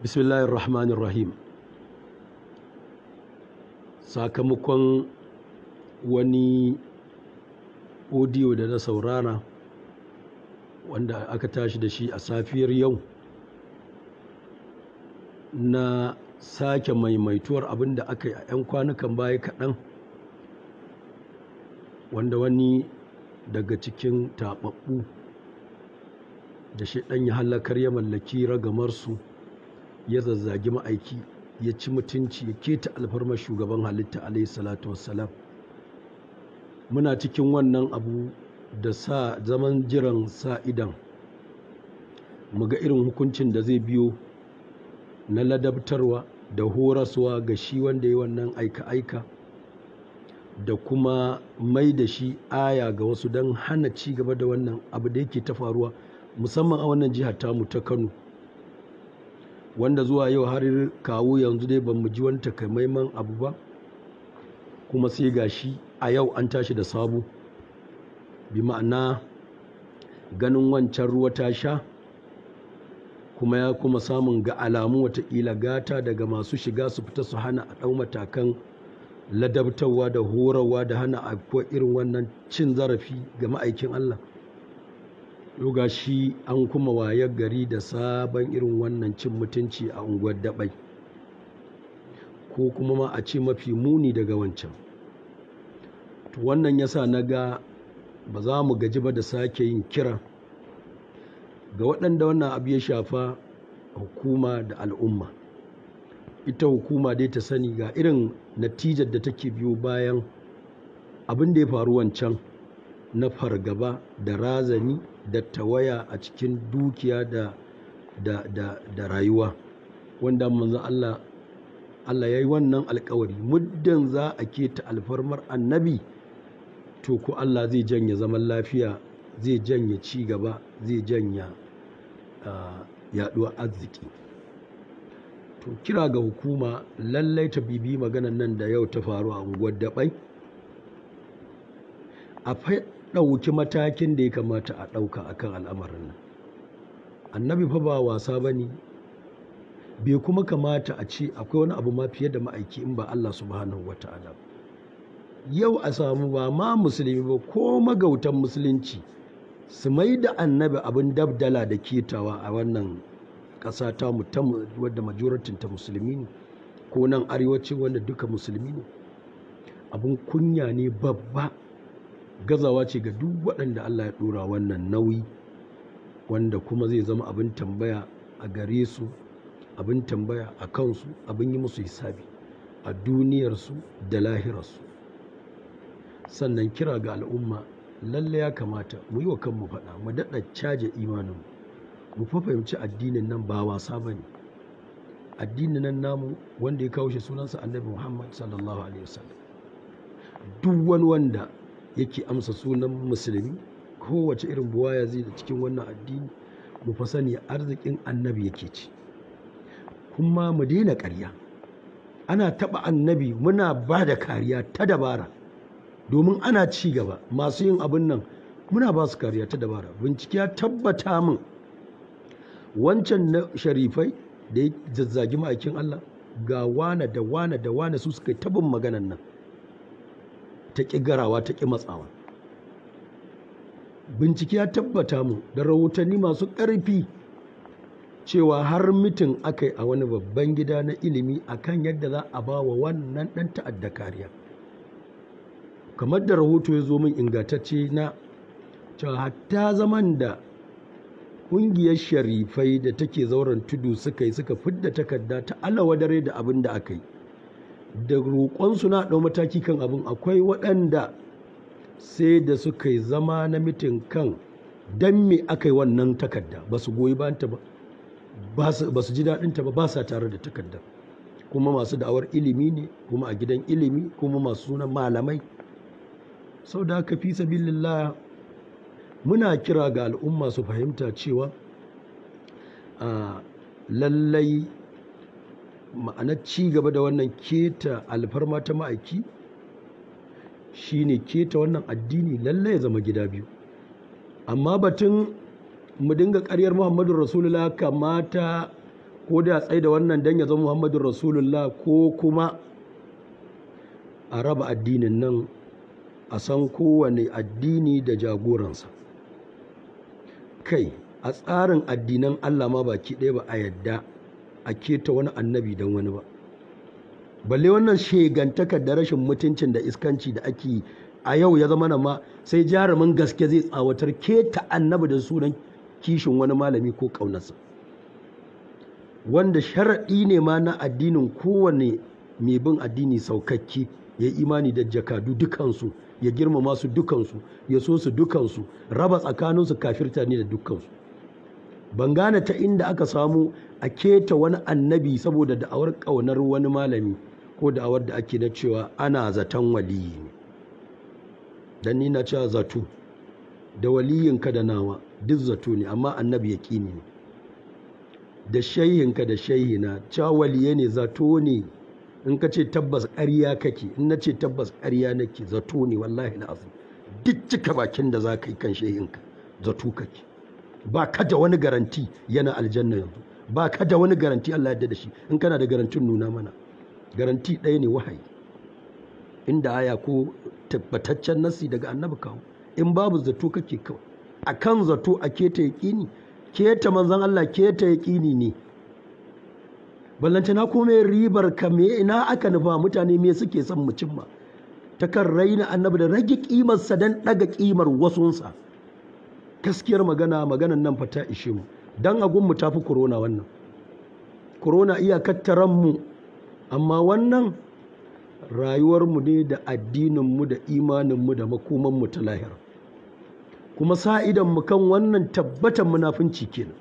bismillahir rahmanir rahim sakamakon wani odiyo da na saurara wanda aka tashi da shi a safiyar yau na sake maimaituwar abin da aka yi a 'yan kwanukan baya kaɗan wanda wani daga cikin taɓaɓɓu da shi ɗan ya halakar ya mallaki ragamarsu ya zazzagi ma'aiki ya ci mutunci ya keta alfarmar shugaban halitta alaihi salatu wassalam muna cikin wannan abu da sa zaman jiran sa idan mu ga irin hukuncin da zai biyo na ladabtarwa da horaswa ga shi wanda ya wannan aika-aika da kuma mai da shi aya ga wasu don hana ci gaba da wannan abu da yake ta faruwa musamman a wannan jihar tamu ta kano wanda zuwa yau har kawo yanzu dai ba mu ji wani takamaiman abu ba kuma sai ga shi a yau an tashi da sabo bi ma'ana ganin wancan ruwa ta sha kuma ya kuma samun ga alamu watakila gata daga masu shiga su fita su hana a ɗau matakan ladabtarwa da horawa da hana a irin wannan cin zarafi ga ma'aikin Allah yau shi an kuma wayar gari da sabon irin wannan cin mutunci a unguwar daɓai ko kuma ma a ce mafi muni daga wancan To wannan yasa na ga ba za mu gaji ba da sake yin kira ga waɗanda wannan abu ya shafa hukuma da al'umma ita hukuma dai ta sani ga irin natijar da take biyo bayan abin da ya faru wancan na fargaba da razani da tawaya a cikin dukiya da da da da rayuwa wanda manzon Allah Allah yayi wannan alkawari muddan za a ke ta alfarmar annabi to ko Allah zai janye zaman lafiya zai janye ci gaba zai janya yaduwar arziki to kira ga hukuma lallai ta bibi maganan nan da yau ta faru a unguwar dabai ɗauki matakin da ya kamata a ɗauka a kan al'amarin nan annabi fa ba wasa ba ne bai kuma kamata a ce akwai wani abu ma fiye da ma'aiki in ba Allah subhanahu wa ta'ala yau a samu ba ma musulmi ba ko magautan musulunci su mai da annabi abin dabdala da ketawa a wannan ƙasa ta mu wadda majoratin musulmi ne ko nan arewaci wanda duka musulmi ne abin kunya ne babba gazawa ce ga duk waɗanda Allah ya ɗora wannan nauyi wanda kuma zai zama abin tambaya a gare su abin tambaya a kansu abin yi musu hisabi a duniyarsu da lahirarsu sannan kira ga al'umma lalle ya kamata mu yi wa kanmu faɗa mu daɗa caje imaninmu mu fahimci addinin nan ba wasa ba ne addinin nan namu wanda ya kawo shi sunansa annabi muhammad sallallahu alaihi wasallam duk wani wanda yake amsa sunan musulmi kowace irin buwaya zai da cikin wannan addini mu fa sani arzikin annabi yake ci kuma mu daina ƙarya ana taɓa annabi muna ba da kariya ta dabara domin ana ci gaba masu yin abin nan muna ba su kariya ta dabara bincike ya tabbata min wancan na sharifai da ya zazzagi ma'aikin Allah ga wana da wana da wana su suka tabin maganan nan ta ƙi garawa ta ƙi matsawa bincike ya tabbata mu da rahotanni masu ƙarfi cewa har mitin aka yi a wani babban gida na ilimi akan yadda za a ba wa wannan ɗan ta'adda kariya kamar da rahoto ya zo min ingantacce na cewa hatta zaman da ƙungiyar sharifai da take zauren tudu suka yi suka fidda takarda ta alawa dare da abin da aka yi da roƙonsu na ɗau mataki kan abin akwai waɗanda sai da suka yi zama na mitin kan don me aka yi wannan takarda ba su goyi ta ba ba su ji daɗinta ba ba sa tare da takarda kuma masu da'awar ilimi ne kuma a gidan ilimi kuma masu sunan malamai sau da aka fi sabilillah muna kira ga al'umma su fahimta cewa ah, lallai ma'anar ci gaba da wannan keta alfarma ta ma'aiki shi shine keta wannan addini lallai ya zama gida biyu amma batun mu dinga karyar muhammadu rasulullah kamata ko da tsaye da wannan don ya zama muhammadu rasulullah ko kuma a raba addinin nan a san kowane addini da jagoransa kai a tsarin addinan allah ma baki ɗaya ba a yadda a keta wani annabi don wani ba balle wannan shegantakar da rashin mutuncin da iskanci da ake a yau ya zama ma sai jarumin gaske zai tsawatar keta annabi da sunan kishin wani malami ko ƙaunarsa wanda sharaɗi ne ma na addinin kowane mai bin addini saukakki ya yi imani da jakadu dukansu ya girmama su dukansu ya so su dukansu raba tsakaninsu kafirta ne da dukansu ban gane ta inda aka samu a keta wani annabi saboda da'awar ƙaunar wani malami ko da'awar da ake na cewa ana zaton waliyi ne dan ni na cewa zato da waliyinka da nawa duk zato ne amma annabi yaƙini ne da shayinka da shayina, cewa waliye ne zato ne in ka ce tabbas ƙarya kake in na ce tabbas ƙarya nake zato ne wallahi na azu duk cika bakin da za ka yi kan shayinka, zato kake ba ka da wani garanti yana aljanna yanzu ba ka da wani garanti Allah yadda da shi in kana da garantin nuna mana garanti ɗaya ne wahayi inda aya ko tabbataccen nasi daga annabi kawo in babu zato kake kawai a kan zato a keta yaƙini keta manzan Allah keta yaƙini ne ballanta na kuma ribar ka me ina aka nufa mutane me suke son mu cimma ta kan raina annabi da rage ƙimarsa don ɗaga ƙimar wasunsa gaskiyar magana maganan nan fa ta ishe mu Don agun mu tafi korona wannan korona iyakar kattaran mu amma wannan rayuwar mu ne da addinin mu da imanin mu da makomanmu ta lahira kuma sa'idan mu kan wannan tabbatar munafunci kenan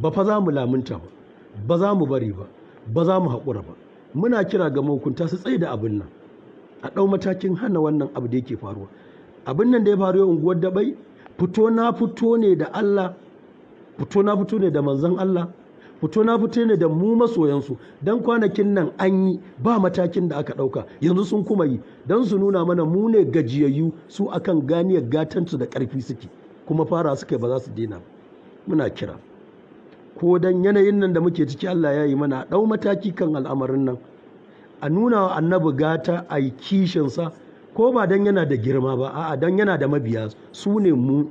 ba fa za mu lamunta ba ba za mu bari ba ba za mu haƙura ba muna kira ga mahukunta su tsaye da abin nan a ɗau matakin hana wannan abu da yake faruwa abin nan da ya faru yau unguwar dabai fito na fito ne da Allah fito na fito ne da manzon Allah fito na fito ne da mu masoyansu dan kwanakin nan an yi ba matakin da aka ɗauka yanzu sun kuma yi don su nuna mana mu ne gajiyayyu su akan ganiyar gatansu da karfi suke kuma fara suke ba za su daina muna kira ko dan yanayin nan da muke ciki Allah ya yi mana ɗau mataki kan al'amarin nan a nuna wa annabi gata a yi kishinsa ko ba dan yana da girma ba a'a dan yana da mabiya su ne mu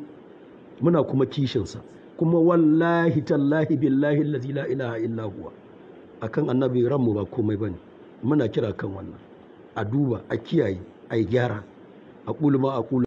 muna kuma kishinsa kuma wallahi tallahi billahi allazi la ilaha illa huwa akan annabi ranmu ba komai bane muna kira kan wannan a duba a kiyaye a gyara a kulma a